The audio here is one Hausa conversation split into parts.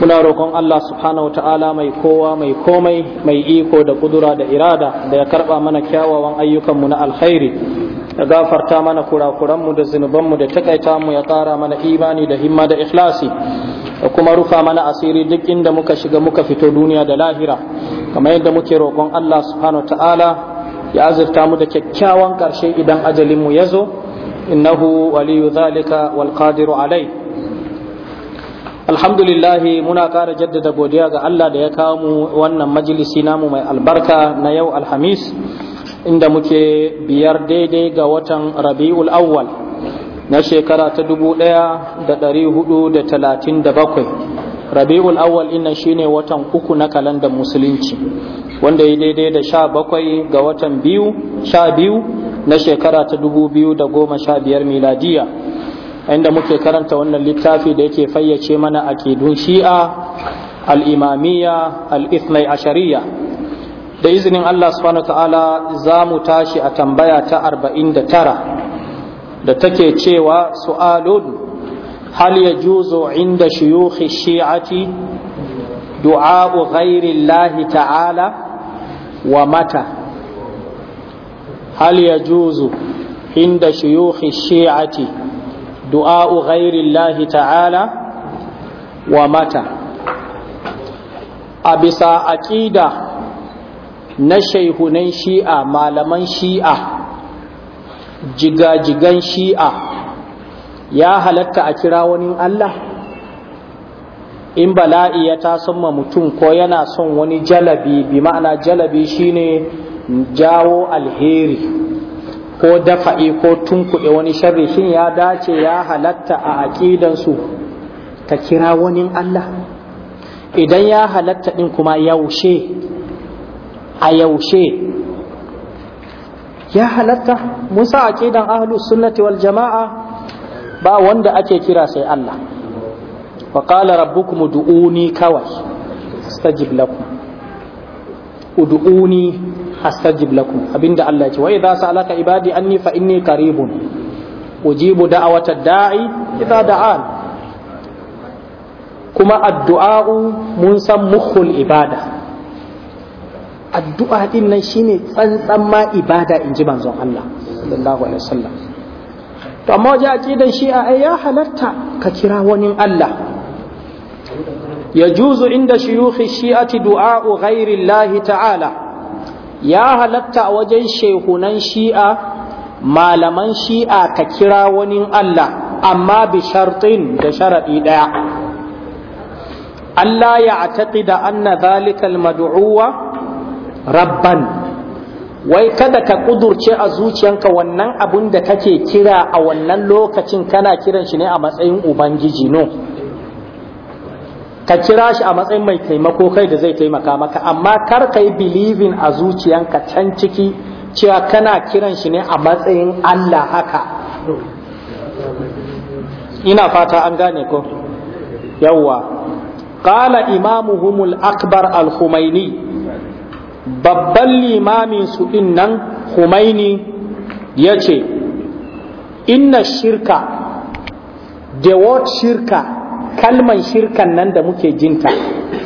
muna roƙon Allah subhanahu wa ta'ala mai kowa mai komai mai iko da kudura da irada da ya karɓa mana kyawawan ayyukanmu na alkhairi ya gafarta mana kurakuranmu da zunubanmu da takaita mu ya ƙara mana imani da himma da ikhlasi da kuma rufa mana asiri duk inda muka shiga muka fito duniya da lahira kamar yadda muke roƙon Allah subhanahu wa ta'ala ya azurta mu da kyakkyawan ƙarshe idan ajalinmu ya zo innahu waliyu zalika wal qadiru alai alhamdulillah muna kara jaddada godiya ga Allah da ya kawo mu wannan majalisi namu mai albarka na yau alhamis inda muke biyar daidai ga watan rabi'ul awwal na shekara ta dubu ɗaya da hudu da talatin da bakwai rabi'ul awwal inna shine watan uku na kalandar musulunci wanda ya daidai da sha bakwai ga watan biyu sha biyu na shekara ta dubu biyu da goma sha miladiya inda muke karanta wannan littafi da yake fayyace mana aqidun shi'a al-imamiyya al-ithnai ashariya da izinin Allah subhanahu ta'ala za mu tashi a tambaya ta 49 da take cewa su'alun hal yajuzu inda shuyukh shi'ati du'a ghairi Allah ta'ala wa mata hal yajuzu inda shuyukh shi'ati du'a'u Allah ta'ala wa mata a bisa aƙida na shaihunan shi'a malaman shi'a jigajigan shi'a ya halatta a kira wani Allah in bala'i ya ma mutum ko yana son wani jalabi bi ma'ana jalabi shine jawo alheri ko dafa'i ko tunkuɗe wani sharri shin ya dace ya halatta a aƙidansu ka kira wani Allah idan ya halatta ɗin kuma yaushe a yaushe ya halatta musa aƙidan ahlus sunnati wal jama'a ba wanda ake kira sai Allah wa qala rabbukum du'uni kawai astajib lakum ud'uni hastajib lakum abinda Allah ya ce wa idza sa'alaka ibadi anni fa inni qaribun ujibu da'awata da'i idza da'an kuma addu'a mun san mukhul ibada addu'a din nan shine tsantsan ma ibada in ji manzon Allah sallallahu alaihi wasallam to amma waje aqidan shi'a ai ya halatta ka kira wani Allah يجوز عند شيوخ الشيعة دعاء غير الله تعالى ya halatta a wajen shehunan shi'a malaman shi'a ka kira wani Allah amma bi shartin da sharaɗi ɗaya Allah ya ataƙi da anna zalikal madu'uwa rabban wai kada ka ƙudurce a zuciyanka wannan abun da kake kira a wannan lokacin kana kiran shi ne a matsayin ubangiji no ka kira shi a matsayin mai taimako kai da zai taimaka maka amma kar ka yi believing a zuciyanka can ciki cewa kana kiran shi ne a matsayin Allah haka ina fata an gane ko yawwa qala imamuhumul akbar al-humaini babban limamin su din nan humaini yace inna shirka the word shirka kalman shirkan nan da muke jinta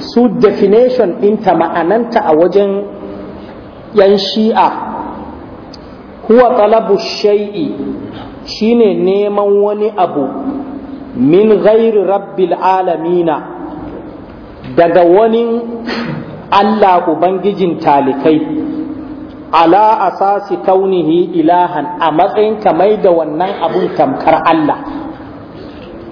su definition ɗinta ma'ananta a wajen yan shi'a huwa talabu shai'i shine neman wani abu min ghairi rabbil alamina daga wani Allah Ubangijin talikai ala asasi kaunihi ilahan a matsayin mai da wannan abun tamkar Allah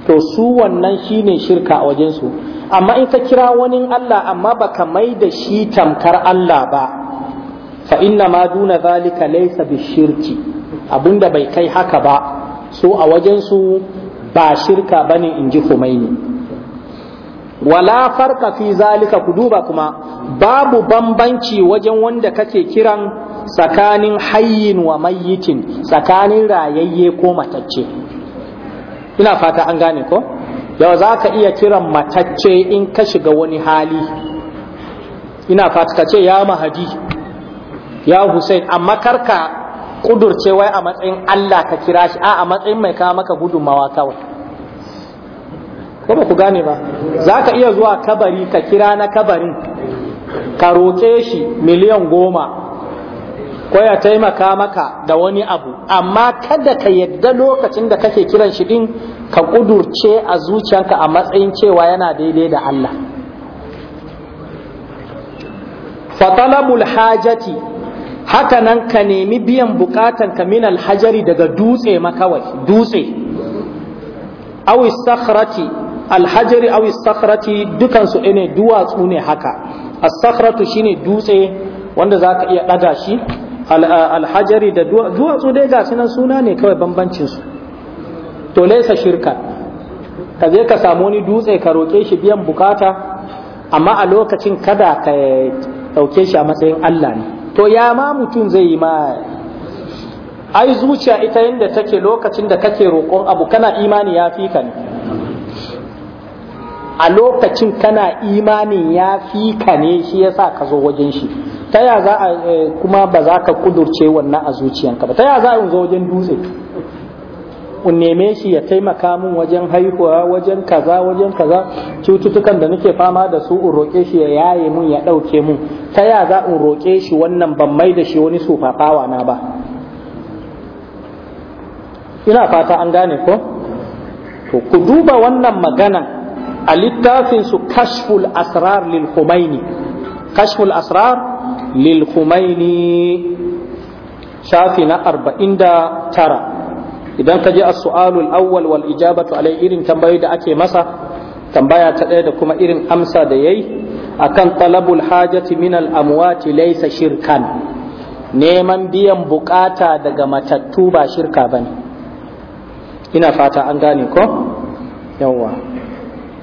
to su wannan shine shirka a wajensu amma in ka kira wani Allah amma baka mai da shi tamkar Allah ba fa inna ma duna zalika laysa bishirki abinda bai kai haka ba so a wajensu ba shirka bane inji Khomeini wala farka fi zalika ku duba kuma babu bambanci wajen wanda kake kiran tsakanin hayyin wa mayyitin tsakanin rayayye ko matacce ina fata an gane ko yau za ka iya kiran matacce in ka shiga wani hali ina fata ka ce ya mahadi ya hussein amma karka kudurce wai a matsayin allah ka kira shi a matsayin mai kawo maka gudunmawa kawai ko ba ku gane ba za ka iya zuwa kabari ka kira na kabarin ka roƙe shi miliyan goma ko ya taimaka maka da wani abu amma kada ka yadda lokacin da kake kiran shi din ka kudurce a zuciyanka a matsayin cewa yana daidai da Allah fatalabul hajati haka nan ka nemi biyan bukatan ka min alhajari daga dutse makawai dutse awi sakhrati alhajari awi sakhrati dukansu ne duwatsu ne haka as-sakhratu shine dutse wanda zaka iya ɗaga shi alhajari da duwatsu dai ga sunan suna ne kawai bambancin su. to laisa shirka ka je ka samu wani dutse ka roƙe shi biyan bukata amma a lokacin kada ka ɗauke shi a matsayin Allah ne to ya ma mutum zai yi ma ai zuciya ita yadda take lokacin da kake roƙon abu kana imani ya fi ka ne a lokacin kana imanin ya fi ka ne shi yasa ka zo wajen shi ta ya za a eh, kuma ba za ka kudurce wannan a zuciyanka ba ta ya za a zo wajen dutse in neme shi ya taimaka min wajen haihuwa wajen kaza wajen kaza cututtukan da nake fama da su in roƙe shi ya yaye mun ya ɗauke mun ta ya za in roƙe shi wannan ban mai da shi wani sufafawa na ba ina fata an gane ko to ku duba wannan magana a littafin su kashful asrar lil khumaini kashful asrar lil Khumaini shafi na 49 idan ka ji as-su'alul awwal wal ijabatu alai irin tambayoyi da ake masa tambaya ta ɗaya da kuma irin amsa da yayi akan talabul hajati min al amwati laysa shirkan neman biyan bukata daga matattu ba shirka bane ina fata an gane ko yawa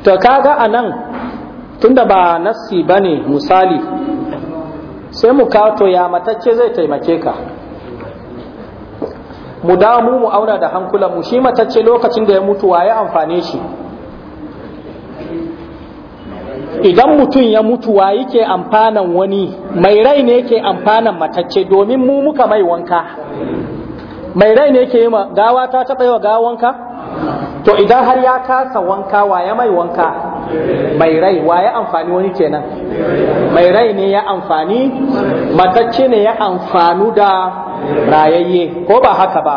to kaga anan tunda ba nassi bane misali sai mu kawo ya matacce zai taimake ka mu dawo mu mu auna da hankulan mu shi matacce lokacin da ya mutu wa amfane shi idan mutum ya mutu wa yake amfanan wani mai rai ne yake amfanan matacce domin mu muka mai wanka mai rai ne yake gawa ta taɓa yi wa gawa wanka to idan har ya kasa wanka wa ya mai wanka mai rai wa ya amfani wani kenan mai rai ne ya amfani matacce ne ya amfanu da rayayye ko ba haka ba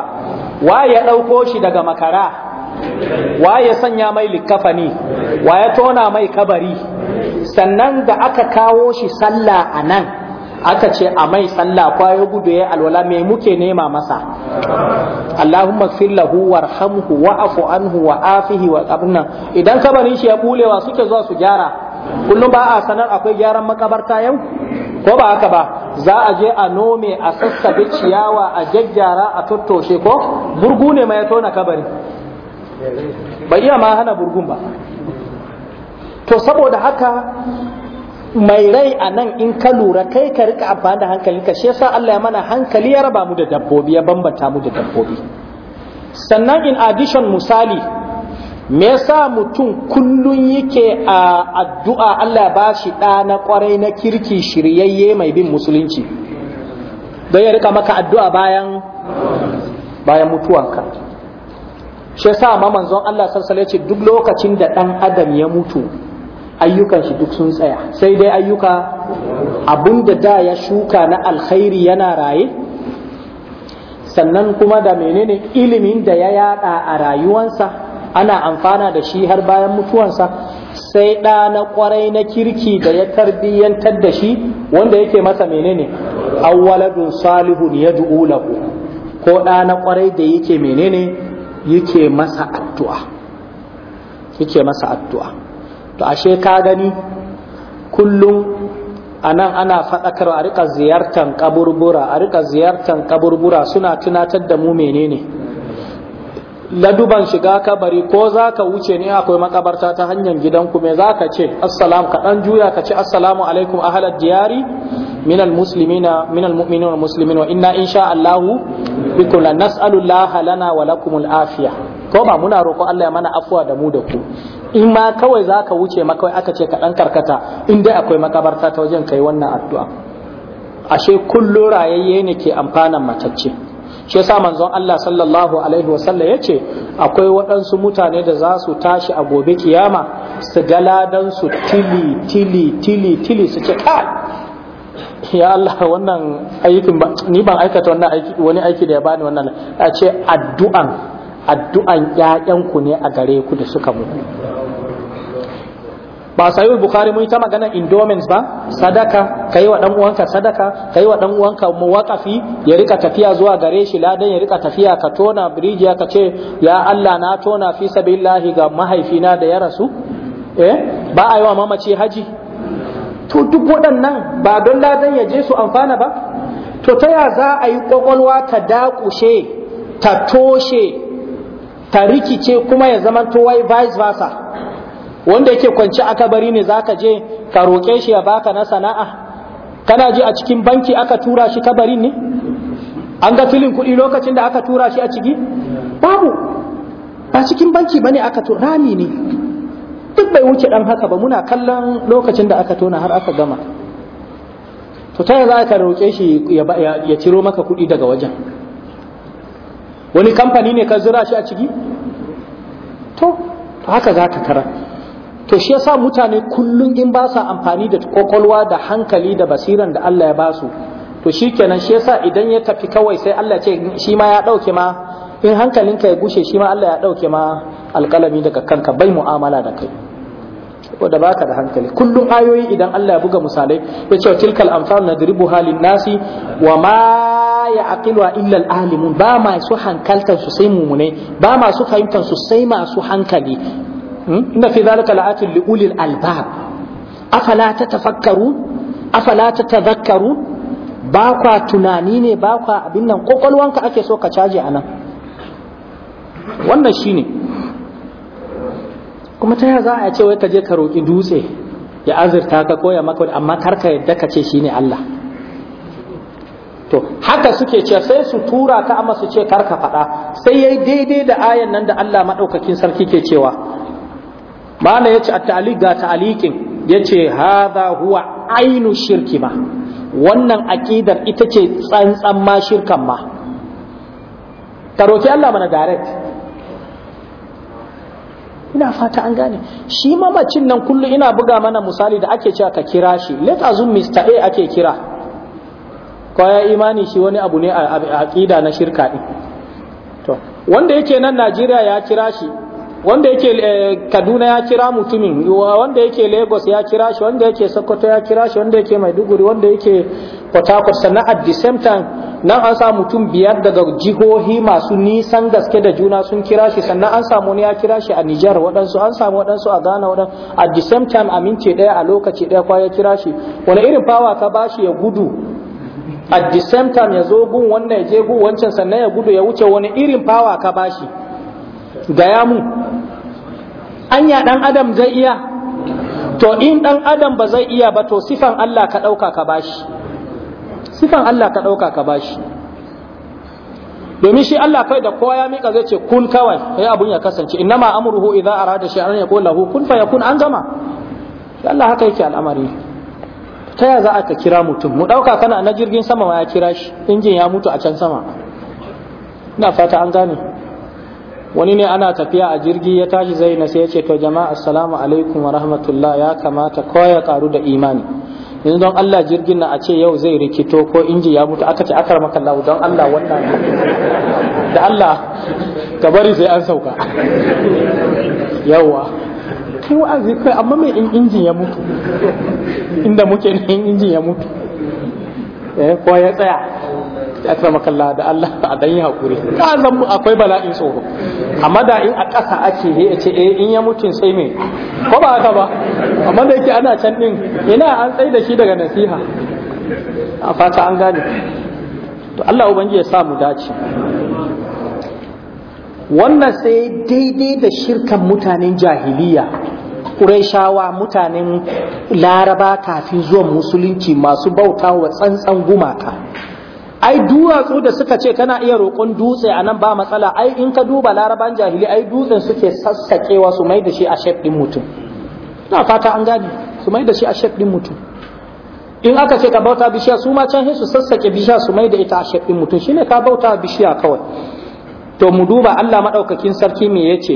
wa ya ɗauko shi daga makara wa ya sanya mai likafani wa ya tona mai kabari sannan da aka kawo shi sallah a nan aka ce a mai sallah kwayo gudu ya alwala me muke nema masa Allahumma fillahu lahu warhamhu wa'fu anhu wa afihi wa qabna idan kabarin shi ya bulewa suke zuwa su gyara kullum ba a sanar akwai gyaran makabarta yau ko ba haka ba za a je a nome a sassabe ciyawa a jajjara a tottoshe ko burgu ne ma ya tona kabari ba iya ma hana burgun ba to saboda haka mai rai a nan in ka lura kai ka rika amfani da hankalinka shi yasa Allah ya mana hankali ya raba mu da dabbobi ya bambanta mu da dabbobi sannan in addition misali me yasa mutum kullun yake a addu'a Allah ba shi ɗa na kwarai na kirki shiryayye mai bin musulunci don ya rika maka addu'a bayan bayan mutuwanka shi yasa manzon Allah sallallahu alaihi wasallam ya ce duk lokacin da ɗan adam ya mutu ayyukan shi duk sun tsaya sai dai ayyuka abinda da ya shuka na alkhairi yana raye sannan kuma da menene ilimin da ya yada a rayuwansa ana amfana da shi har bayan mutuwansa sai ɗa na kwarai na kirki da ya tarbiyyantar da shi wanda yake masa menene awwaladun salihun ya lahu ko ɗa na kwarai da yake menene yake masa addu'a yake masa addu'a to ashe ka gani kullum a nan ana faɗakar a rika ziyartar kaburbura a rika ziyartar kaburbura suna tunatar da mu menene laduban shiga kabari ko za ka wuce ne akwai makabarta ta hanyar gidanku me za ka ce assalamu ka ɗan juya ka ce assalamu alaikum ahalar diyari minal muslimina minal mu'minin wal muslimin wa inna insha Allahu bikum nas'alullaha lana wa lakumul afiya ko ba muna roƙo Allah ya mana afuwa da mu da ku in ma kawai za ka wuce ma kawai aka ce ka ɗan karkata in dai akwai makabarta ta wajen kai wannan addu'a ashe kullum rayayye ne ke amfanan matacce shi yasa manzon Allah sallallahu alaihi wa ya ce akwai waɗansu mutane da za su tashi a gobe kiyama su galadan su tili tili tili tili su ce kai ya Allah wannan aikin ni ban aikata wannan aiki wani aiki da ya bani wannan a ce addu'an addu'an ƴaƴanku ne a gare ku da suka mutu ba sayul bukhari mun ta magana endowments ba sadaka kai wa dan uwanka sadaka kai wa dan uwanka muwaqafi ya rika tafiya zuwa gare shi ladan ya rika tafiya ka tona birijiya ka ce ya Allah na tona fi sabilillahi ga mahaifina da ya rasu eh ba a yi wa mamaci haji to duk waɗannan ba don ladan ya je su amfana ba to ta ya za a yi kwakwalwa ta dakushe ta toshe ta rikice kuma ya zama wai vice versa wanda yake kwanci aka bari ne ka je ka roƙe shi ya baka na sana'a kana ji a cikin banki aka tura shi kabarin ne an ga filin kuɗi lokacin da aka tura shi a ciki babu ba cikin banki bane aka tura rami ne duk bai wuce dan haka ba muna kallon lokacin da aka tona har aka gama to ta za ka roƙe shi ya ciro maka kuɗi daga wajen wani kamfani ne ka zira shi a ciki to to haka za ka tara to shi yasa mutane kullum in ba sa amfani da kwakwalwa da hankali da basiran da Allah ya basu to shikenan shi yasa idan ya tafi kawai sai Allah ce shi ma ya dauke ma in hankalinka ya gushe shi ma Allah ya dauke ma alƙalami daga kanka bai mu'amala da kai da baka da hankali kullum ayoyi idan Allah ya buga misalai ya ce tilkal amsal nadribu halin nasi wa ma ya'qiluha illa al-alimun ba ma su hankaltan su sai mumune ba ma su fahimtan su sai masu hankali Hmm? inna fi zalika la'atin li ulil albab afala tatafakkaru afala tatadhakkaru ba kwa tunani ne ba kwa abin nan kokolwanka ake so ka caje anan wannan shine kuma ta yaya za a ce wai ka je ka roki dutse ya azurta ka koya maka amma kar ka yadda ka ce shine Allah to haka suke ce sai su tura ka amma su ce kar ka faɗa sai yayi daidai da ayan nan da Allah madaukakin sarki ke cewa ya ce a taliq ga ya yace haza huwa ainu shirki ma wannan aƙidar ita ce tsantsan ma shirkan ma ta roki Allah mana direct ina fata an gane shi mamacin nan kullum ina buga mana misali da ake cewa ka kira shi let azum Mr. A ake kira ko ya imani shi wani abu ne a aƙida na shirka din to wanda yake nan Najeriya ya kira shi wanda yake eh, kaduna ya kira mutumin wanda yake lagos ya kira shi wanda yake sokoto ya kira shi wanda yake maiduguri wanda yake port harcourt sannan at the same time nan an sa mutum biyar daga jihohi masu nisan gaske da juna sun kira shi sannan an samu wani ya kira shi a nijar waɗansu an samu waɗansu a ghana waɗansu at the same time a minti ɗaya a lokaci ɗaya kwa ya kira shi wani irin fawa ka bashi ya gudu at the same time ya zo gun wannan ya je gun wancan sannan ya gudu ya wuce wani irin fawa ka bashi gaya mu anya dan adam zai iya to in dan adam ba zai iya ba to sifan Allah ka dauka ka bashi sifan Allah ka dauka ka bashi domin shi Allah kai da kowa ya mika zai ce kun kawai sai abun ya kasance innama amruhu idza arada shay'an qul lahu kun fayakun an gama Allah haka yake al'amari ta ya za a ka kira mutum mu dauka kana na jirgin sama ma ya kira shi injin ya mutu a can sama ina fata an gane wani ne ana tafiya a jirgi ya tashi zaina sai ya ce to jama'a assalamu alaikum wa rahmatullah ya kamata ko ya karu da imani yanzu don Allah jirgin na a ce yau zai rikito ko inji ya mutu aka ce akar maka Allah don Allah wannan da Allah ka bari sai an sauka yawa kai wa'azi kai amma mai in injin ya mutu inda muke ne in injin ya mutu eh ko ya tsaya da akramakallah da Allah a dan yi hakuri ka zan akwai bala'in tsoro amma da in a ƙasa ake ne ce eh in ya mutu sai me ko ba haka ba amma da yake ana can din ina an tsai da shi daga nasiha a fata an gane to Allah ubangi ya sa mu dace wannan sai daidai da shirkan mutanen jahiliya Ƙuraishawa mutanen laraba kafin zuwan musulunci masu bauta wa tsantsan gumaka ai duwatsu da suka ce kana iya roƙon dutse a nan ba matsala ai in ka duba laraban jahili ai dutsen suke sassakewa su mai da shi a shef ɗin mutum ina fata an gane su mai da shi a shef ɗin mutum in aka ce ka bauta bishiya su ma can su sassake bishiya su mai da ita a shef ɗin mutum shine ka bauta bishiya kawai to mu duba Allah maɗaukakin sarki me yace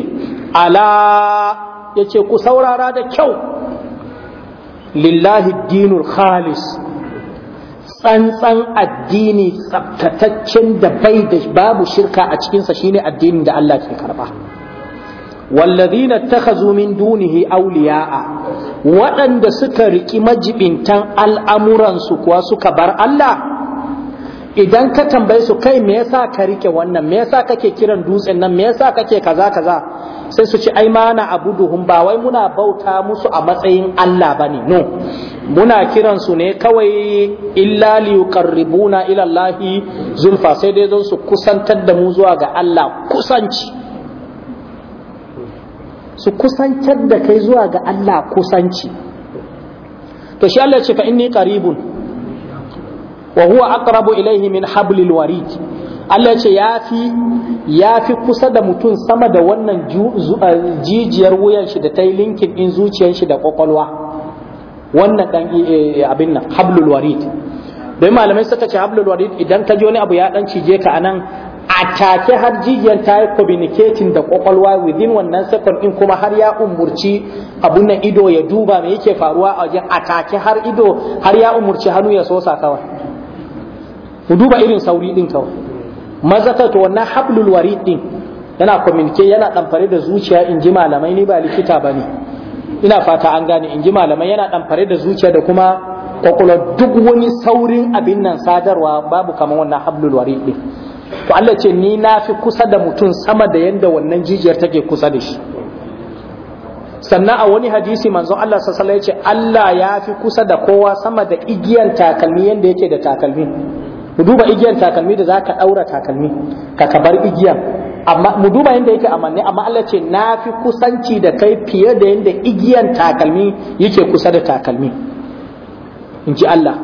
ala yace ku saurara da kyau lillahi dinul khalis tsantsan addini tsabtataccen da bai da babu shirka a cikinsa shine addinin da Allah ke karba wallazina takhazu min dunihi awliya'a waɗanda suka riki majibintan al'amuransu kuwa suka bar Allah idan ka tambaye su kai me yasa ka rike wannan me yasa kake kiran dutsen nan me yasa kake kaza kaza sai su ci ai mana abuduhum ba wai muna bauta musu a matsayin Allah bane no muna kiransu ne kawai illa yuqarribuna ila Allahi zulfa sai dai don su kusantar da mu zuwa ga Allah kusanci su kusantar da kai zuwa ga Allah kusanci to shi Allah ya ce fa inni qaribun wa huwa aqrabu ilayhi min hablil warid Allah ce ya fi ya fi kusa da mutum sama da wannan eh, jijiyar wuyan shi da ta yi linkin in zuciyar da kwakwalwa wannan dan eh, eh, abin nan hablul warid dai malamai suka ce hablul warid idan ka ji wani abu ya dan cije ka anan a take har jijiyar ta yi communicating da kwakwalwa within wannan second in kuma har ya umurci abun nan ido ya duba me yake faruwa a wajen a take har ido har ya umurci hannu ya sosa kawai ku duba irin sauri din kawai maza ta to wannan hablul warid din yana communicate yana damfare da zuciya in ji malamai ni ba likita bane ina fata an gane in ji malamai yana fare da zuciya da kuma kwakwalwa duk wani saurin abin nan sadarwa babu kamar wannan hablul warid din to Allah ce ni na fi kusa da mutum sama da yadda wannan jijiyar take kusa da shi sannan a wani hadisi manzon Allah wasallam ya ce Allah ya fi kusa da kowa sama da igiyan takalmi yadda yake da takalmi duba igiyan takalmi da zaka ka ɗaura takalmi ka kabar igiyan amma mu duba yadda yake amanne amma Allah ce na fi kusanci da kai fiye da yadda igiyan takalmi yake kusa da takalmi in ji Allah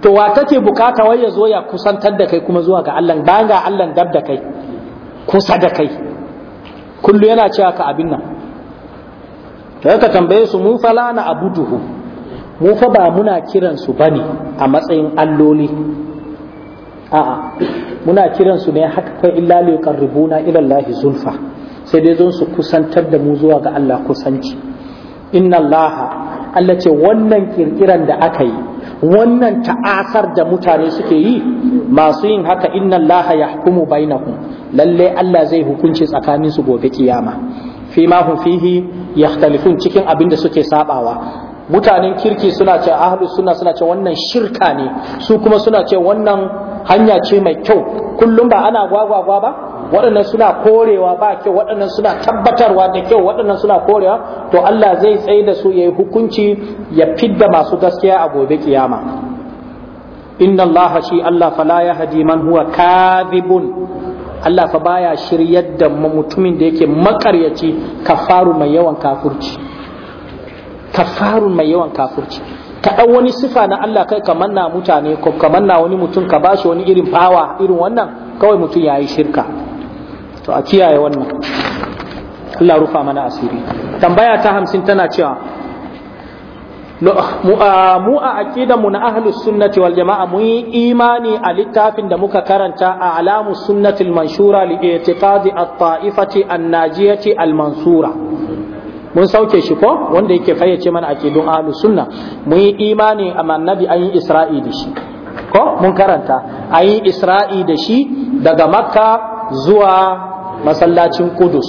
to wa kake bukata wai ya zo ya kusantar da kai kuma zuwa ga Allah bayan ga Allah dab da kai kusa da kai kullu yana cewa ka abin nan to ka tambaye su mu fala na abuduhu mu fa ba muna kiran su bane a matsayin alloli a'a muna kiran su ne haka kai illa li yuqarribuna ila Allah zulfa sai dai zon su kusantar da mu zuwa ga Allah kusanci inna Allah Allah ce wannan kirkiran da aka yi wannan ta'asar da mutane suke yi masu yin haka inna Allah yahkumu bainahum lalle Allah zai hukunci tsakanin su gobe kiyama fi ma hum fihi yakhtalifun cikin abin da suke sabawa mutanen kirki suna ce ahlus sunna suna ce wannan shirka ne su kuma suna ce wannan hanya ce mai kyau kullum ba ana gwagwagwa ba waɗannan suna korewa ba kyau waɗannan suna tabbatarwa da kyau waɗannan suna korewa to Allah zai tsaye da su yi hukunci ya fidda masu gaskiya a gobe kiyama inna Allah shi Allah fa la yahdi man huwa kadhibun Allah fa baya shiryar da mutumin da yake makaryaci kafaru mai yawan kafurci kafaru mai yawan kafurci ka ɗau wani sifa na Allah kai ka manna mutane ko ka manna wani mutum ka ba shi wani irin fawa irin wannan kawai mutum ya yi shirka to a kiyaye wannan Allah rufa mana asiri tambaya ta hamsin tana cewa mu a aƙida mu na ahlus sunnati wal jama'a mu yi imani a littafin da muka karanta a alamu sunnati al-manshura li i'tiqadi at-ta'ifati an-najiyati al-mansura mun sauke shi ko wanda yake fayyace mana aqidun ahlus sunna mun yi imani a annabi an yi isra'i da shi ko mun karanta an yi isra'i da shi daga makka zuwa masallacin kudus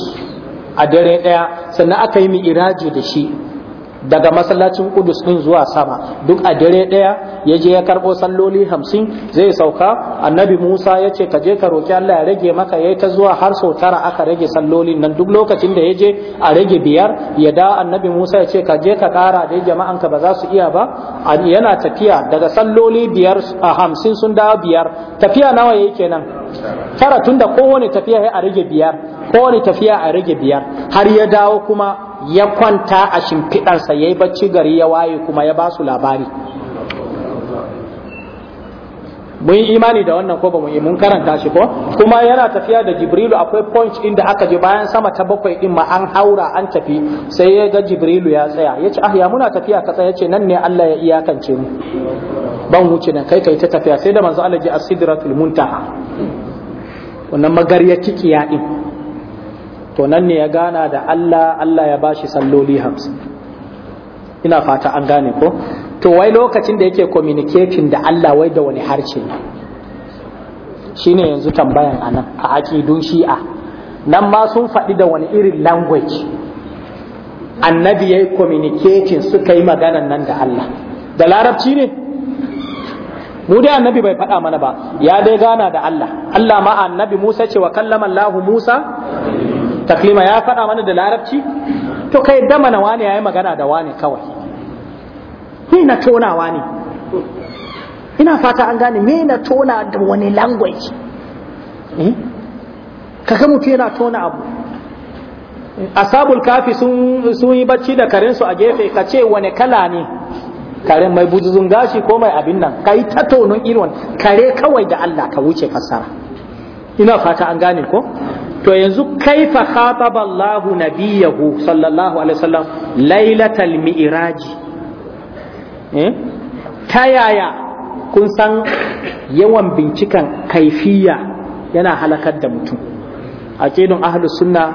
a dare ɗaya sannan aka yi mi'iraji da shi daga masallacin kudus din zuwa sama duk a dare ɗaya ya je ya karɓo salloli hamsin zai sauka annabi musa ya ce ka je ka roki allah ya rage maka ya yi ta zuwa har sau tara aka rage salloli nan duk lokacin da ya je a rage biyar ya da annabi musa ya ce ka je ka kara ƙara dai jama'anka ba za su iya ba yana tafiya daga salloli biyar a hamsin sun dawo biyar tafiya nawa ya yayi kenan tara tunda kowane tafiya ya a rage biyar kowane tafiya a rage biyar har ya dawo kuma ya kwanta a shimfiɗarsa ya yi bacci gari ya waye kuma ya ba su labari mun yi imani da wannan ko ba mun yi mun karanta shi ko kuma yana tafiya da jibrilu akwai point inda aka je bayan sama ta bakwai din ma an haura an tafi sai ya ga jibrilu ya tsaya ya ce ah ya muna tafiya ka tsaya ce nan ne Allah ya iyakance mu ban wuce nan kai kai ta tafiya sai da manzo Allah ji as-sidratul muntaha wannan magarya kikiya din to nan ne ya gana da Allah Allah ya bashi salloli hamsin ina fata an gane ko to wai lokacin da yake communicating da Allah wai da wani harshe shine yanzu tambayan anan a aƙidun shi'a nan ma sun faɗi da wani irin language annabi ya yi communicating suka yi maganan nan da Allah da larabci ne mu dai annabi bai faɗa mana ba ya dai gana da Allah Allah ma annabi Musa ce wa kallama Allah Musa taklima ya faɗa mana da larabci to kai dama mana wani ya yi magana da wani kawai ni na tona wani? ina fata an gane me na tona da wani language eh? kaga mutum yana tona abu asabul kafi sun yi bacci da karensu a gefe ka ce wani kala ne karen mai bujizun gashi ko mai abin nan ka yi ta tonon irin kare kawai da Allah ka wuce fassara ina fata an gane ko to yanzu kaifa khataba Allah nabiyahu sallallahu alaihi wasallam lailatal mi'raji eh ta yaya kun san yawan bincikan kaifiya yana halakar da mutum a cikin ahlus sunna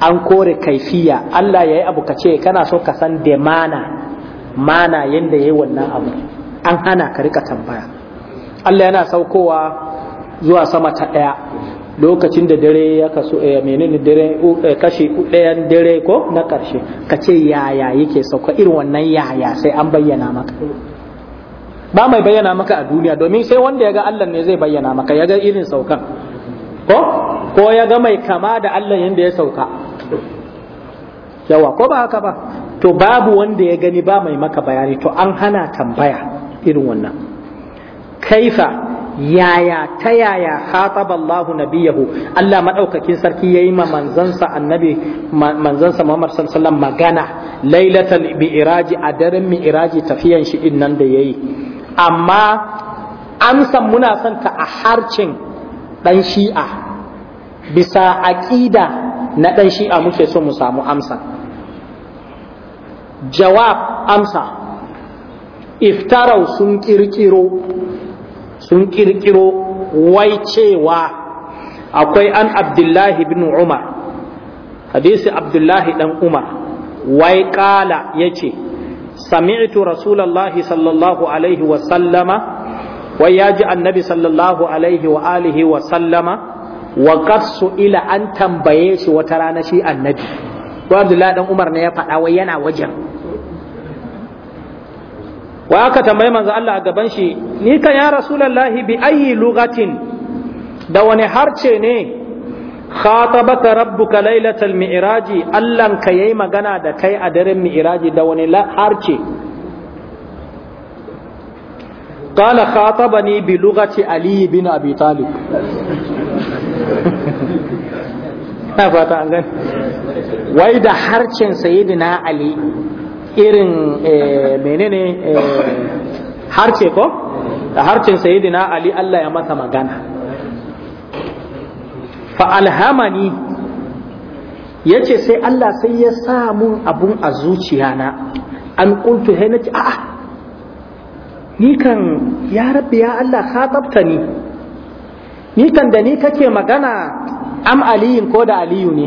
an kore kaifiya Allah yayi abu kace kana so ka san da mana mana yanda yayi wannan abu an hana ka rika tambaya Allah yana saukowa zuwa sama ta daya lokacin da dare ya kaso eh, menene dare eh, kashi ɗayan dare ko na ƙarshe ka ce yaya yake sauka irin wannan yaya sai an bayyana maka ba mai bayyana maka a duniya domin sai wanda ya ga Allah ne zai bayyana maka ya ga irin saukan ko ko ya ga mai kama da Allah yanda ya sauka yawa ko ba haka ba to babu wanda ya gani ba mai maka bayani to an hana tambaya irin wannan kaifa yaya ta yaya khataba Allahu nabiyahu Allah madaukakin sarki yayi ma manzansa annabi manzansa Muhammad sallallahu magana lailatal biiraji a daren mi'raji tafiyan shi din nan da yayi amma amsan muna son ta a harcin dan shi'a bisa aqida na dan shi'a muke so mu samu amsa jawab amsa iftarau sun kirkiro sun kirkiro wai cewa akwai an abdullahi bin umar hadisi abdullahi dan umar wai kala ya ce sami'tu rasulallahi sallallahu alaihi wa sallama wai ya ji annabi sallallahu alaihi wa alihi wa sallama wa ila an tambaye shi wata rana shi annabi ko abdullahi dan umar ne ya faɗa wai yana wajen wa aka tambayi manzo Allah a gaban shi ni kan ya rasulullahi bi ayi lugatin da wani harce ne khatabaka rabbuka lailatal mi'raji Allah ka yayi magana da kai a daren mi'raji da wani harce قال خاطبني بلغة علي بن أبي طالب na fata an gani wai da harcin sayidina ali irin eh, menene eh, harce ko harcin sayidina ali Allah ya masa magana fa alhamani yace sai Allah sai ya sa mun abun a na, an kuntu sai ce a'a ni kan ya rabbi ya Allah khatabta ni ni kan da ni kake magana am aliyin ko da aliyu ne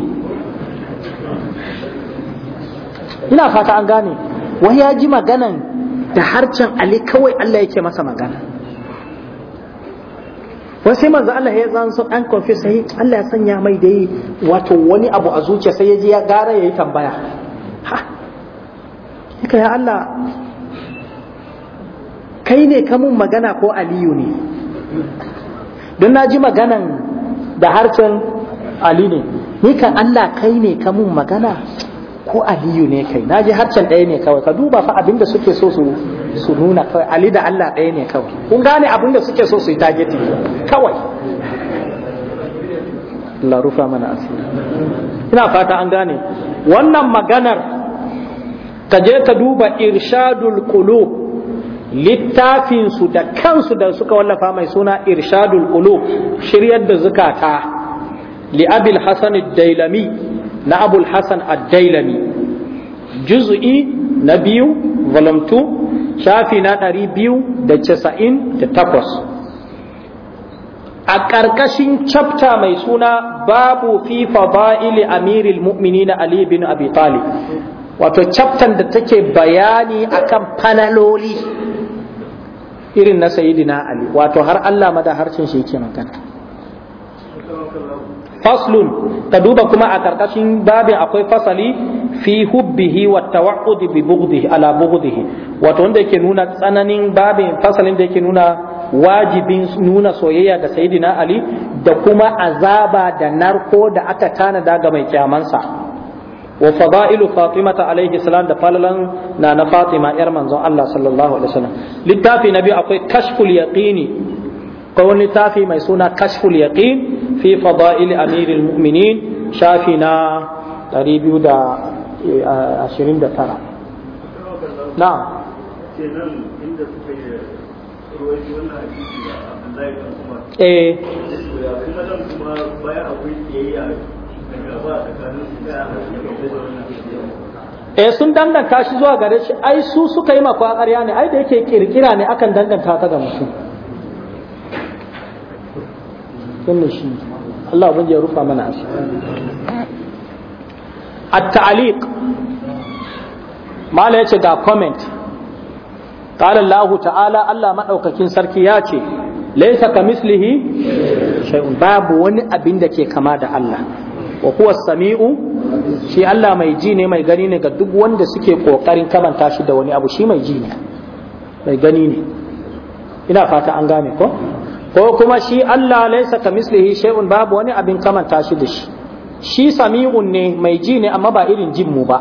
ina fata an gane wai ya ji maganan da harcen ali kawai Allah yake masa magana wai sai manzo Allah ya zan so an confess sai Allah ya sanya mai yi wato wani abu a zuciya sai ya ji ya gara yayi tambaya ha kai ya Allah kai ne ka mun magana ko aliyu ne don na ji maganan da harshen ali ne ni kan Allah kai ne ka mun magana ko aliyu ne kai na ji harcen ɗaya ne kawai ka duba fa abinda suke so su su nuna kawai ali da allah ɗaya ne kawai kun gane abinda suke so su yi targeting kawai Allah rufa mana asiri ina fata an gane wannan maganar ka je ka duba irshadul qulub littafin su da kansu da suka wallafa mai suna irshadul qulub shiryar da zukata li abil hasan dailami na abul hasan ad-dailami juz'i na biyu volume 2 shafi na 298 a ƙarƙashin cafta mai suna babu fifa baili amiril mu'minina ali bin abi talib wato caftan da take bayani akan panaloli irin na sayidina ali wato har Allah da harshen shi yake magana faslun ka duba kuma a karkashin babin akwai fasali fi hubbihi wa tawaqqudi bi bughdihi ala bughdihi wato wanda yake nuna tsananin babin fasalin da yake nuna wajibin nuna soyayya ga sayyidina ali da kuma azaba da narko da aka tanada ga mai kyamansa wa fada'ilu ta alaihi salam da falalan na na fatima yar manzon Allah sallallahu alaihi wasallam littafi na biyu akwai kashful yaqini ko littafi mai suna kashful yaqin fi fada'il amiril mu'minin shafi na 229 eh, na'am eh eh sun danganta shi zuwa gare shi ai su suka yi makwa ƙarya ne ai da yake kirkira ne akan danganta ta ga mutum shi Allah ban ya rufa mana asiri Atta'alik, Malam mala yace ga comment ƙalar Allah ta'ala Allah maɗaukakin sarki ya ce laysa mislihi? shay'un babu wani abin da ke kama da Allah wa kuwa samiu shi Allah mai ji ne mai gani ne ga duk wanda suke ƙoƙarin kamanta shi da wani abu shi mai ji ne mai gani ne ina fata an gane ko ko kuma shi Allah laisa ka mislihi shay'un babu wani abin kamanta shi da shi shi sami'un ne mai ji ne amma ba irin jin mu ba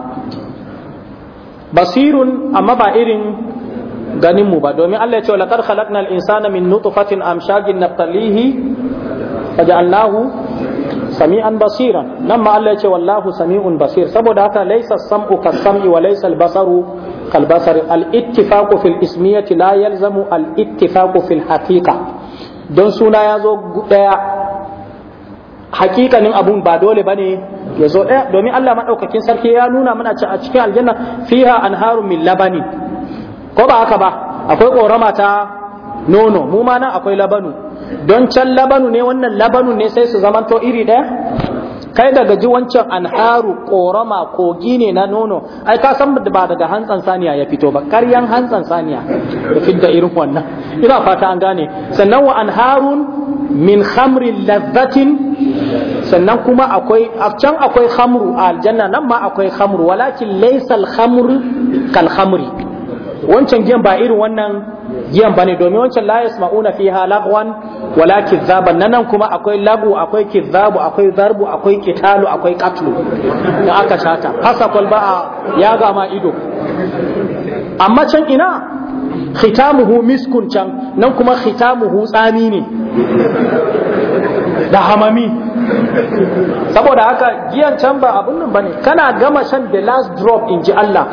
basirun amma ba irin ganin mu ba domin Allah ya ce laqad khalaqnal insana min nutfatin amshajin nabtalihi faj'alnahu sami'an basiran nan ma Allah ya ce wallahu sami'un basir saboda haka laisa sam'u kas-sam'i wa laysa al-basaru kal-basar al-ittifaqu fil ismiyati la yalzamu al-ittifaqu fil haqiqa don suna ya zo ɗaya hakikanin abun ba dole bane ya zo ɗaya domin Allah maɗaukakin sarki ya nuna mana a cikin aljanna fiha anharu min labani ko ba haka ba akwai korama ta nono mu ma nan akwai labanu don can labanu ne wannan labanu ne sai su zamanto iri ɗaya kai daga ji wancan anharu korama kogi ne na nono ai ka san ba daga hantsan saniya ya fito ba karyan hantsan saniya da fidda irin wannan ina fata an gane sannan wa anharun min khamrin ladhatin sannan kuma akwai can akwai khamru a aljanna nan ma akwai khamru walakin laysal khamru kal khamri wancan giyan ba irin wannan giyan bane domin wancan la yasma'una fiha lagwan wala kizzaban nan kuma akwai lagu akwai kizabu, akwai zarbu akwai kitalu akwai katlu da aka shata fasa kwalba ya ma ido amma can ina khitamuhu miskun can nan kuma khitamuhu tsami ne da hamami saboda haka giyan can ba abun nan bane kana gama shan the last drop in ji Allah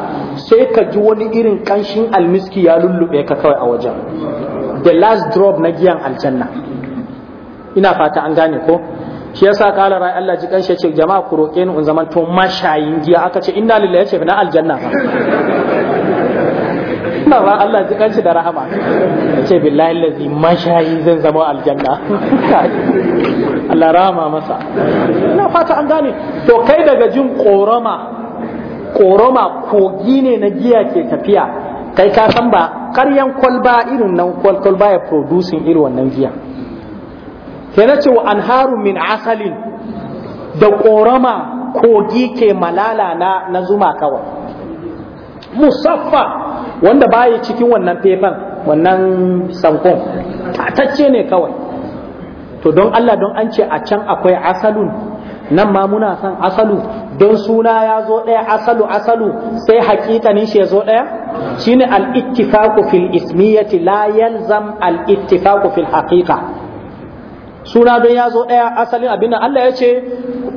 sai ka ji wani irin kanshin almiski ya lullube ka kawai a wajen the last drop na giyan aljanna ina fata an gane ko shi yasa kala rai Allah ji kanshi ya ce jama'a ku roke ni in zaman to mashayin giya aka ce inna lillahi ce na aljanna fa ba Allah ji kanci da rahama ce billahi lazi mashayi zan zama aljanna Allah rahama masa ina fata an gane to kai daga jin koroma koroma kogi ne na giya ke tafiya kai ka san ba karyan kwalba irin nan kwalba ya producing irin wannan giya ke na ce wa anharu min asalin da koroma kogi ke malala na zuma kawai musaffa wanda baya cikin wannan fefan wannan sankon tatacce ne kawai to don Allah don an ce a can akwai asalun nan ma muna san asalu don suna ya zo ɗaya asalu asalu sai hakikanin shi ya zo ɗaya shine al-ittifaqu fil ismiyati la yalzam al-ittifaqu fil haqiqa suna don ya zo ɗaya asalin abin Allah ya ce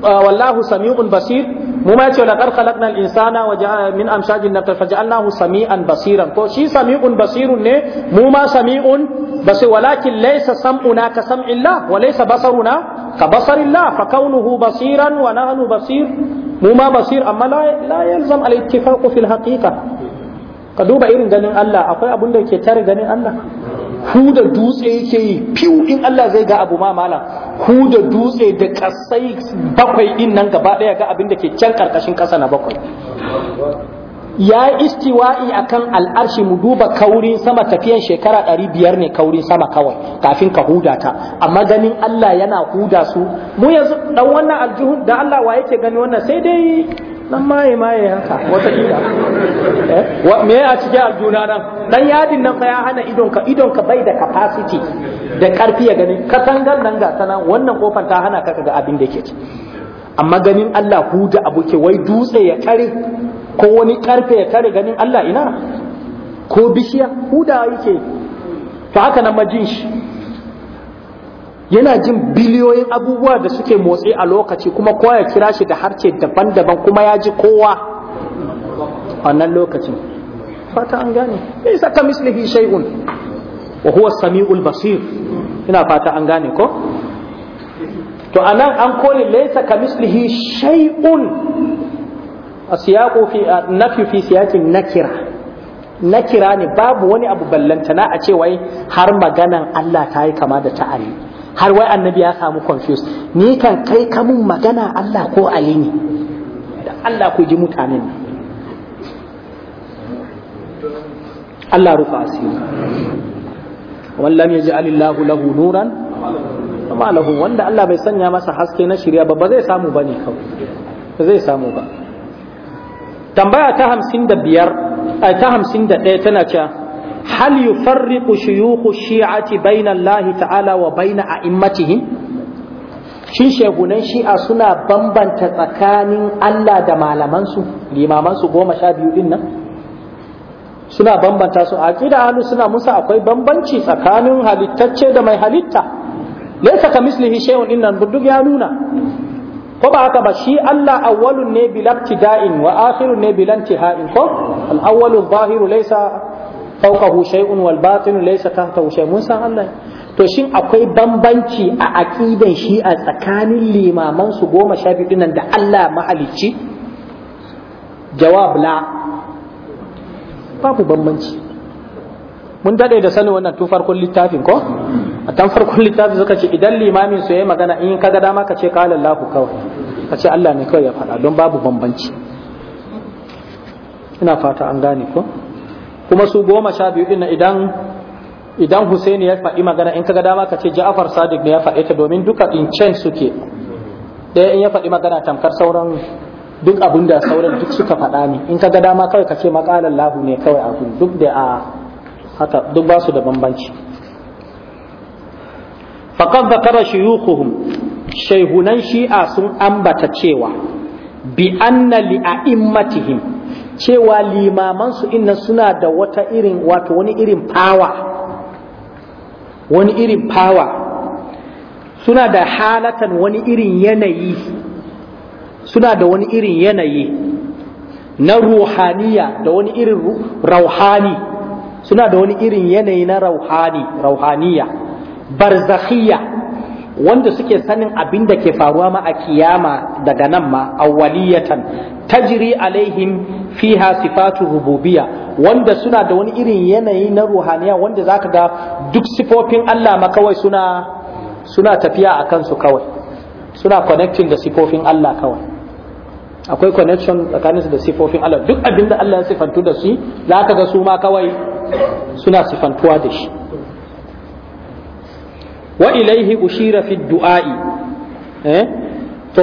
wallahu sami'un basir mu ma ce laqad khalaqna al-insana wa min amshajin naqal faj'alnahu sami'an basiran ko shi sami'un basirun ne mu ma sami'un basir walakin laysa sam'una ka sam'illah wa laysa basaruna ka basarillah fa kaunuhu basiran wa nahnu basir mu ma basir amma la la yalzam al-ittifaq fi al-haqiqa ka duba irin ganin Allah akwai abun da ke tare ganin Allah huda dutse yake yi fiw in Allah zai ga abu ma malam huda dutse da kasai bakwai din nan gaba daya ga abin da ke can karkashin kasa na bakwai ya istiwa'i akan al'arshi mu duba kaurin sama tafiyan shekara ɗari biyar ne kaurin sama kawai kafin ka huda ta amma ganin Allah yana huda su mu yanzu dan wannan aljihun da Allah wa yake gani wannan sai dai dan maye maye haka watakila eh me a cikin aljuna nan dan yadin nan fa ya hana idon ka idon ka bai da capacity da karfi ya gani gan nan ga tana wannan kofar ta hana ka ga abin da yake ci amma ganin Allah huda abu ke wai dutse ya kare ko wani karfe ya kare ganin Allah ina ko bishiya huda yake to haka nan majin shi yana jin biliyoyin abubuwa da suke motsi a lokaci kuma kowa ya kira shi da harce daban-daban kuma ya ji kowa wannan lokacin fata an gane bai saka mislihi shay'un wa huwa samiul basir ina fata an gane ko to anan an kone laysa kamislihi shay'un asiyaqu fi nafi fi siyaqin nakira nakira ne babu wani abu ballantana a ce wai har maganan Allah ta yi kama da ta'ari har wai annabi ya samu confused ni kan kai ka mun magana Allah ko Ali ne da Allah ku ji mutanen Allah rufa asiri wallam yaj'al Allah lahu nuran amma lahu wanda Allah bai sanya masa haske na shirya ba ba zai samu bane kawai ba zai samu ba tambaya ta 55 eh, ta 51 tana cewa hal yufarriqu shuyukhu shi'ati baina Allah ta'ala wa baina a'immatihim shin shegunan shi'a suna bambanta tsakanin Allah da malamansu limamansu goma sha biyu din nan suna bambanta su aqida ahlus suna musa akwai bambanci tsakanin halittacce da mai halitta laysa ka mislihi shay'un innan duk ya nuna ko ba haka ba shi Allah awwalun ne bil wa akhirun ne bil ko al awwalu zahiru laysa fawqahu shay'un wal batin laysa tahtahu shay'un mun san Allah to shin akwai bambanci a aqidan shi a tsakanin limaman su goma sha biyu nan da Allah mahalicci jawab la babu bambanci mun dade da sanin wannan tun farkon littafin ko a tan farkon littafin suka ce idan limamin su yayi magana in kaga dama ka ce qala Allahu kawai ka ce Allah ne kawai ya faɗa don babu bambanci ina fata an gane ko kuma su goma sha biyu din idan idan Husaini ya faɗi magana in kaga dama ka ce Ja'far Sadiq ne ya faɗi ta domin duka in chain suke ɗaya in ya faɗi magana tamkar sauran duk abin da sauran duk suka faɗa ne in kaga dama kawai ka ce maƙalar lahu ne kawai abin duk da a haka duk ba su da bambanci faqad dhakara shuyukhuhum shaihunan shi'a sun ambata cewa bi anna li a'immatihim cewa limamansu inna suna da wata irin wato wani irin fawa wani irin fawa suna da halatan wani irin yanayi suna da wani irin yanayi na ruhaniya da wani irin rauhani suna da wani irin yanayi na rauhani rauhaniya barzakhiya wanda suke sanin abin da ke faruwa ma a kiyama daga nan ma awwaliyatan tajri alaihim fiha sifatu rububiya wanda suna da wani irin yanayi na ruhaniya wanda zaka ga duk sifofin Allah ma kawai suna suna tafiya a kansu kawai suna connecting da sifofin Allah kawai akwai connection su da sifofin Allah duk abin da Allah ya sifantu da su zaka ga su ma kawai suna sifantuwa da shi wa ilaihi ushira fi du'a'i eh? to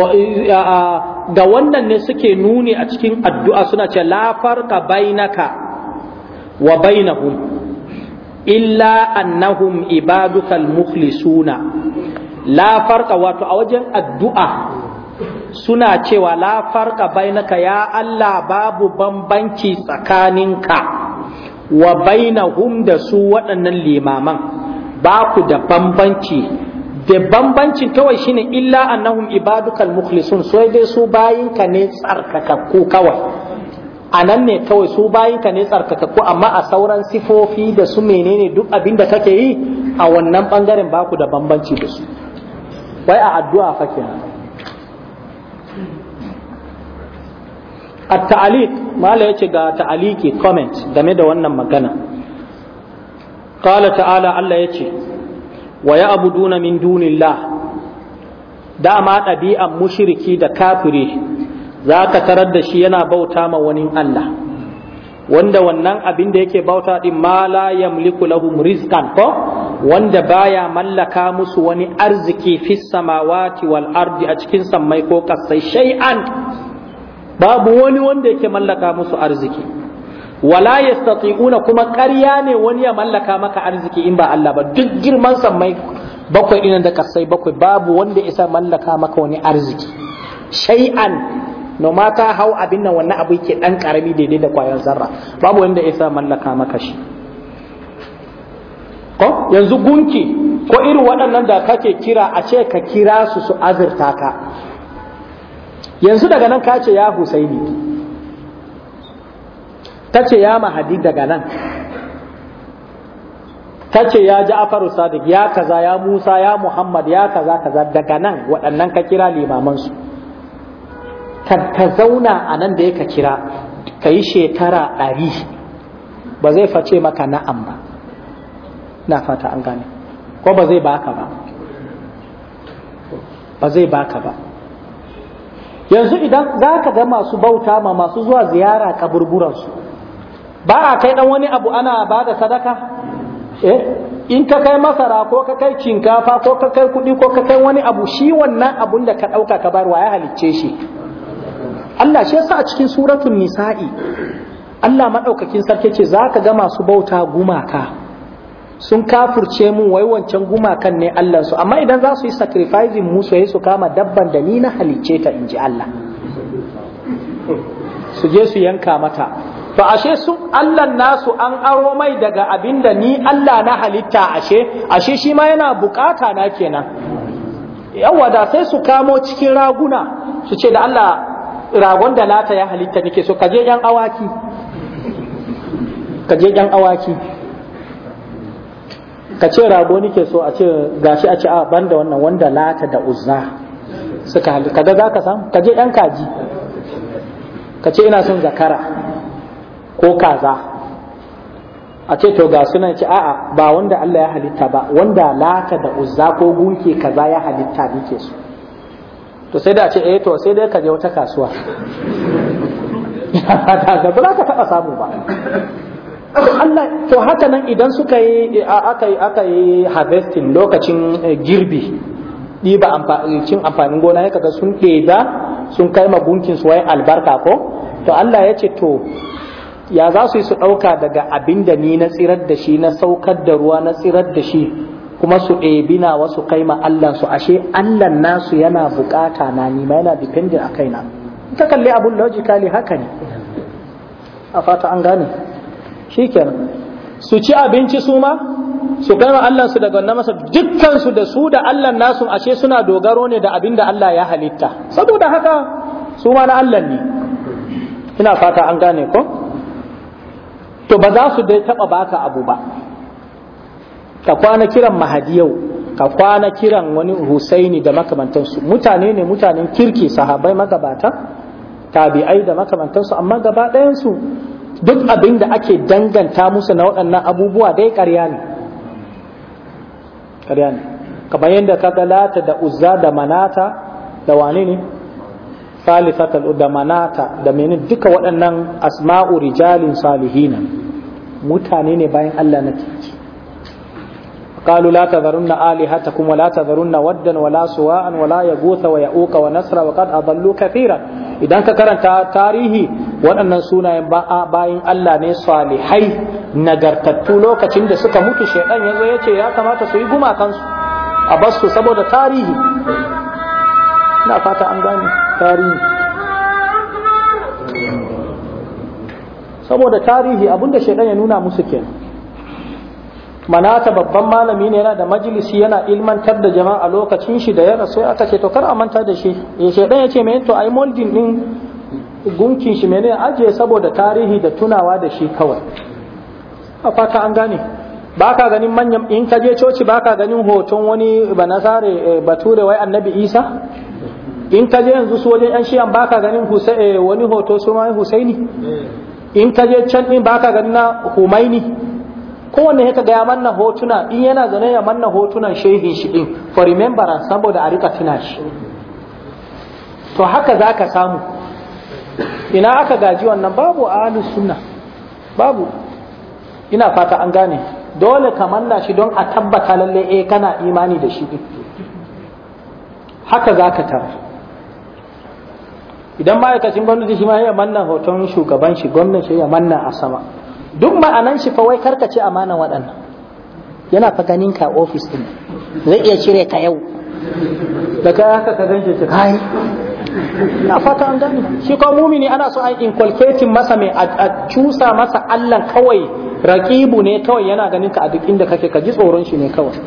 ga wannan ne suke nuni a cikin addu'a suna ce la farqa bainaka wa bainahum illa annahum ibadukal mukhlisuna la farqa wato a wajen addu'a suna cewa la farqa bainaka ya Allah babu bambanci tsakaninka wa bainahum da su waɗannan limaman ba ku da bambanci da bambancin kawai shine illa annahum ibadukal mukhlisun sai dai su bayinka ne tsarkakakku kawai a nan ne kawai su bayinka ne tsarkakakku amma a sauran sifofi da su menene duk abin da kake yi a wannan bangaren ba ku da bambanci da su wai a addu'a fa kenan at-ta'liq mala yace ga ta'aliki comment game da wannan magana qala ta'ala Allah ce, wa ya'buduna min dunillah dama ɗabi'an mushriki da kafiri za ka tarar da shi yana bauta ma wani Allah wanda wannan abin da yake bauta din ma la yamliku lahum rizqan ko wanda baya mallaka musu wani arziki fi samawati wal ardi a cikin sammai ko kasai shay'an babu wani wanda yake mallaka musu arziki wala yastati'una kuma ƙarya ne wani ya mallaka maka arziki in ba Allah ba duk girman mai bakwai dinan da kasai bakwai babu wanda isa mallaka maka wani arziki shay'an no mata hau abin nan wannan abu yake dan karami daidai da kwayan zarra babu wanda isa mallaka maka shi ko yanzu gunki ko irin waɗannan da kake kira a ce ka kira su su azurta ka yanzu daga nan ka ce ya Husaini ta ce ya mahadi daga nan ta ce ya ji afaru sadiq ya kaza ya musa ya muhammad ya kaza kaza daga nan waɗannan ka kira limamansu ka zauna a nan da ya ka kira ka yi shekara ɗari ba zai face maka na'am ba na fata an gane ko ba zai baka ba ba zai baka ba yanzu idan za ka ga masu bauta ma masu zuwa ziyara kaburburansu ba a kai dan wani abu ana ba da sadaka eh in ka kai masara ko ka kai cinkafa ko ka kai kudi ko ka kai wani abu shi wannan abun da ka dauka ka bar wa ya halicce shi Allah shi yasa a cikin suratul nisa'i Allah maɗaukakin sarki ce za ka ga masu bauta gumaka sun kafurce mun wai wancan gumakan ne Allah su amma idan za su yi sacrificing musu yi su kama dabban da ni na halicce ta inji Allah su je su yanka mata to ashe su Allah nasu an aro mai daga abinda ni Allah na halitta ashe ashe shi ma yana bukata na kenan yawa da sai su kamo cikin raguna su ce da Allah ragon da lata ya halitta nake so kaje yan awaki kaje yan awaki ka ce rago nake so a ce gashi a ce a banda wannan wanda lata da uzza suka halitta kaga zaka samu kaje yan kaji ka ce ina son zakara ko kaza a ce to ga sunan ce a'a ba wanda Allah ya halitta ba wanda lata da uzza ko gunke kaza ya halitta nike su to sai da ce eh to sai dai ka je wata kasuwa ba za ka taɓa samu ba Allah to haka nan idan suka yi aka yi yi harvesting lokacin eh, girbi ɗiba cin amfanin gona ya kaga sun ɗeba sun kai ma gunkin su wai albarka ko to Allah ya ce to ya za su yi su ɗauka daga abin da ni na tsirar da shi na saukar da ruwa na tsirar da shi kuma su ɗebi na wasu kai ma Allah su ashe Allah nasu yana bukata na ni ma yana dependent a kaina ta kalli abun logically haka ne a fata an gane shikenan su ci abinci su ma su kai ma Allah su daga wannan masa dukkan su da su da Allah nasu ashe suna dogaro ne da abin da Allah ya halitta saboda haka su ma na Allah ne ina fata an gane ko to ba za su dai taɓa baka abu ba ka kwana kiran mahadi yau ka kwana kiran wani husaini da makamantansu mutane ne mutanen kirki sahabai magabata tabi'ai da makamantansu amma gaba ɗayansu duk abin da ake danganta musu na waɗannan abubuwa dai ƙarya ne ƙarya ne kamar yadda ka galata da uzza da manata da wane ne salisatal da manata duka waɗannan asma'u rijalin salihina mutane ne bayan Allah na kirki قالوا لا تذرن آلهتكم ولا تذرن ودا ولا سواء ولا يغوث ويعوق ونسر وقد أضلوا كثيرا idan ka karanta tarihi waɗannan sunayen bayan Allah ne salihai nagartattu lokacin da suka mutu shaidan yazo ya ce ya kamata su yi gumakansu a basu saboda tarihi na fata an gane tarihi saboda tarihi abinda shaidan ya nuna musu kenan manata babban malami ne yana da majalisi yana ilmantar da jama'a lokacin shi da ya rasu aka ce to kar a manta da shi ya eh, shaidan ya ce mai to ai moldin din gunkin shi mene ajiye saboda tarihi da tunawa da shi kawai a fata an gane baka ganin manyan in ka je coci baka ganin hoton wani banasare eh, bature wai annabi isa in ka je yanzu su wajen yan shiyan baka ganin eh, wani hoto su ma husaini eh. in ka je can din baka ganin na humaini kowanne ya ga gaya manna hotuna in yana zane ya manna hotunan shehin shi din for remembrance saboda a rika tuna shi to haka za ka samu ina aka gaji wannan babu a sunna babu ina fata an gane dole ka manna shi don a tabbata lalle eh kana imani da shi haka za ka tara idan ma'aikacin gwamnati shi ma ya manna hoton shugaban shi gwamnati shi ya manna a sama duk ma'anan shi fa wai karkace amana waɗannan yana fa ganin ka ofis din zai iya cire ka yau da kai haka ka ganke shi kai na fata an gani shi ko mumini ana so an inculcating masa mai a cusa masa Allah kawai raqibu ne kawai yana ganin ka a duk inda kake ka ji tsoron shi ne kawai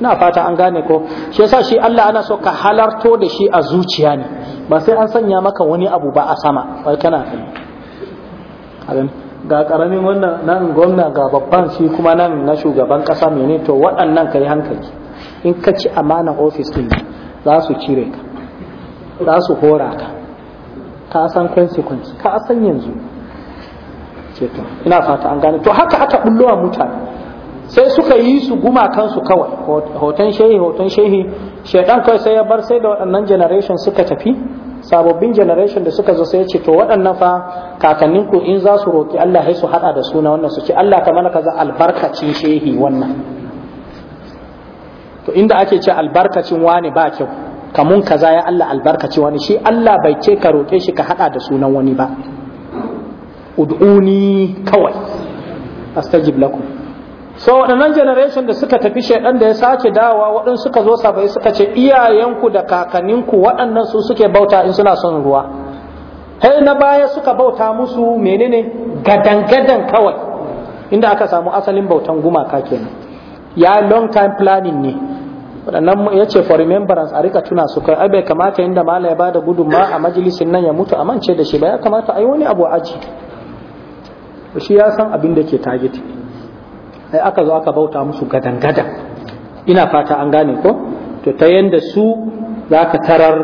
na fata an gane ko shi yasa shi Allah ana so ka halarto da shi a zuciya ne ba sai an sanya maka wani abu ba a sama wai kana kan ga karamin wannan nan gwamna ga babban shi kuma nan na shugaban kasa mene to waɗannan kai hankali in ka ci amanar ofis din za su cire ka za su hora ka ka san consequence ka san yanzu ina fata an gane to haka aka bullowa mutane sai suka yi su gumakansu kawai hoton shehi hoton shehi shaidan kawai sai ya bar sai da waɗannan generation suka tafi sababbin generation da suka zo sai ce to waɗannan fa kakannin ku in za su roki Allah sai su haɗa da suna wannan su ce Allah ka mana kaza albarkacin shehi wannan to inda ake ce albarkacin wani ba kyau kamun kaza ya Allah albarkaci wani shi Allah bai ce ka roke shi ka haɗa da sunan wani ba ud'uni kawai astajib lakum so waɗannan generation da suka tafi shaidan da ya sake dawowa waɗansu suka zo sabai suka ce iyayenku da kakanninku waɗannan su suke bauta in suna son ruwa hai na baya suka bauta musu menene gadan-gadan kawai inda aka samu asalin bautan gumaka kenan ya long time planning ne waɗannan ya ce for remembrance a rika tuna su kai ai bai kamata inda mala ya ba da gudunma a majalisin nan ya mutu a mance da shi ba ya kamata ai wani abu a aji shi ya san abin da ke target sai aka zo aka bauta musu gadangada ina fata an gane ko to ta yanda su za ka tarar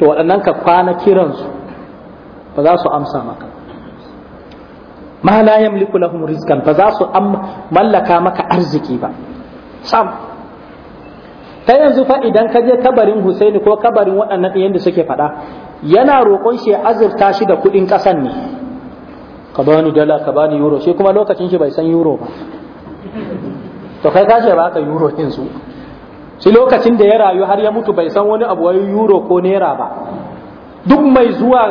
to waɗannan ka kwana kiransu ba za su amsa maka ma la yamliku lahum rizqan ba za su mallaka maka arziki ba sam ta yanzu fa idan ka je kabarin Husaini ko kabarin waɗannan yanda suke faɗa yana roƙon shi ya azurta shi da kuɗin ƙasan ne ka bani dala ka bani euro shi kuma lokacin shi bai san euro ba to kai ka ce ba ka euro din su shi lokacin da ya rayu har ya mutu bai san wani abu wai euro ko naira ba duk mai zuwa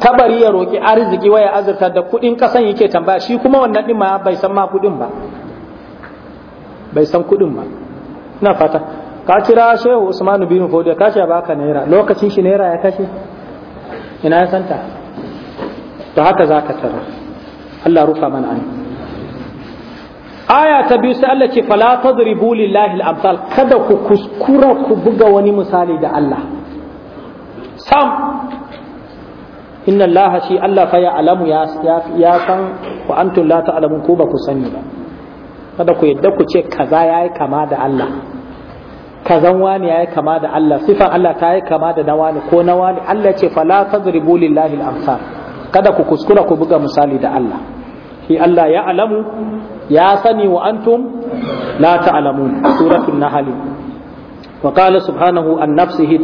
kabari ya roki arziki waya azurta da kudin kasan yake tambaya shi kuma wannan din ma bai san ma kudin ba bai san kudin ba ina fata ka kira shehu usmanu bin fodi ka ce baka naira lokacin shi naira ya kashe ina ya santa Da haka za ka tara Allah rufa mana an aya ta biyu sai Allah ce fala tadribu lillahi al-amsal kada ku kuskura ku buga wani misali da Allah sam inna Allah shi Allah fa ya alamu ya ya san wa antum la ta'lamun ku ba ku sani ba kada ku yadda ku ce kaza yayi kama da Allah kazan wani yayi kama da Allah sifan Allah ta yi kama da na wani ko na wani Allah ce fala tadribu lillahi al-amsal kada ku kuskura ku buga misali da Allah shi Allah ya alamu ya sani wa antum la ta'lamun suratul nahl wa qala subhanahu an nafsihi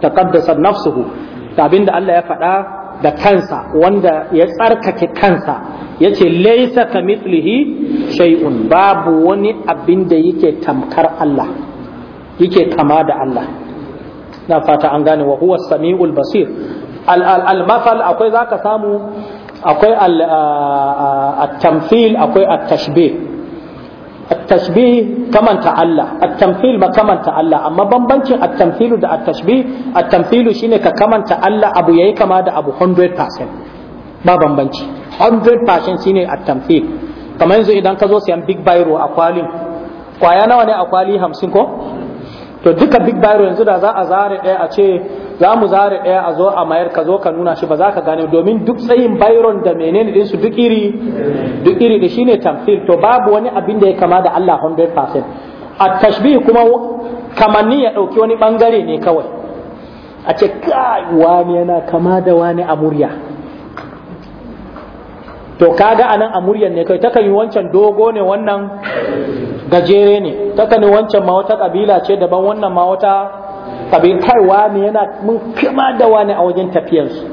taqaddasa nafsuhu ta abinda Allah ya faɗa da kansa wanda ya tsarkake kansa yace laysa kamithlihi shay'un babu wani abin da yake tamkar Allah yake kama da Allah na fata an gane wa huwa samiul basir al-masal akwai zaka samu akwai al-tamthil akwai at-tashbih at-tashbih kamanta Allah at-tamthil kamanta Allah amma bambancin at da at-tashbih shine ka kamanta Allah abu yayi kama da abu 100% ba bambanci 100% shine at-tamthil yanzu idan ka zo sayan big biro a kwalin kwaya nawa ne a kwali 50 ko to duka big biro yanzu da za a zare ɗaya a ce za mu zare ɗaya a zo a mayar ka zo ka nuna shi ba za ka gane domin duk tsayin bayron da menene din su duk iri duk iri da shine tamthil to babu wani abin da ya kama da Allah 100% a tashbih kuma kamanni ya dauki wani bangare ne kawai a ce kai wani yana kama da wani a murya to kaga anan a muryan ne kai takan yi wancan dogo ne wannan gajere ne takan yi wancan ma wata kabila ce daban wannan ma wata abin kaiwa ne yana mun kama da wani a wajen tafiyarsu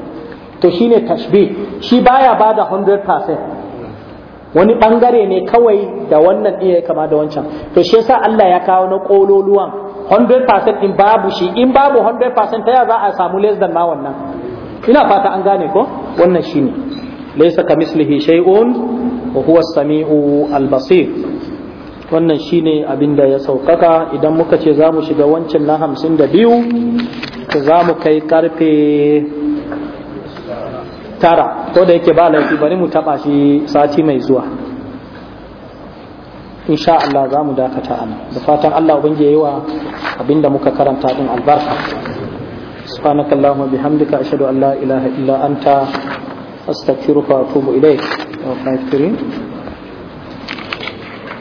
to ne tashbih shi baya ba da 100% wani bangare ne kawai da wannan iya kama da wancan to shi yasa Allah ya kawo na kololuwan 100% in babu shi in babu 100% ta ya za a samu less ma wannan ina fata an gane ko wannan shine laysa kamislihi shay'un wa huwa as-sami'u al-basir wannan shine abin da ya saukaka idan muka ce za mu shiga wancan na hamsin da biyu za mu kai karfe tara ko da yake ba laifi bari mu taba shi sati mai zuwa insha Allah za mu dakata a da fatan Allah ubangiji yayi wa abin da muka karanta din albarka subhanakallahumma bihamdika ashhadu an la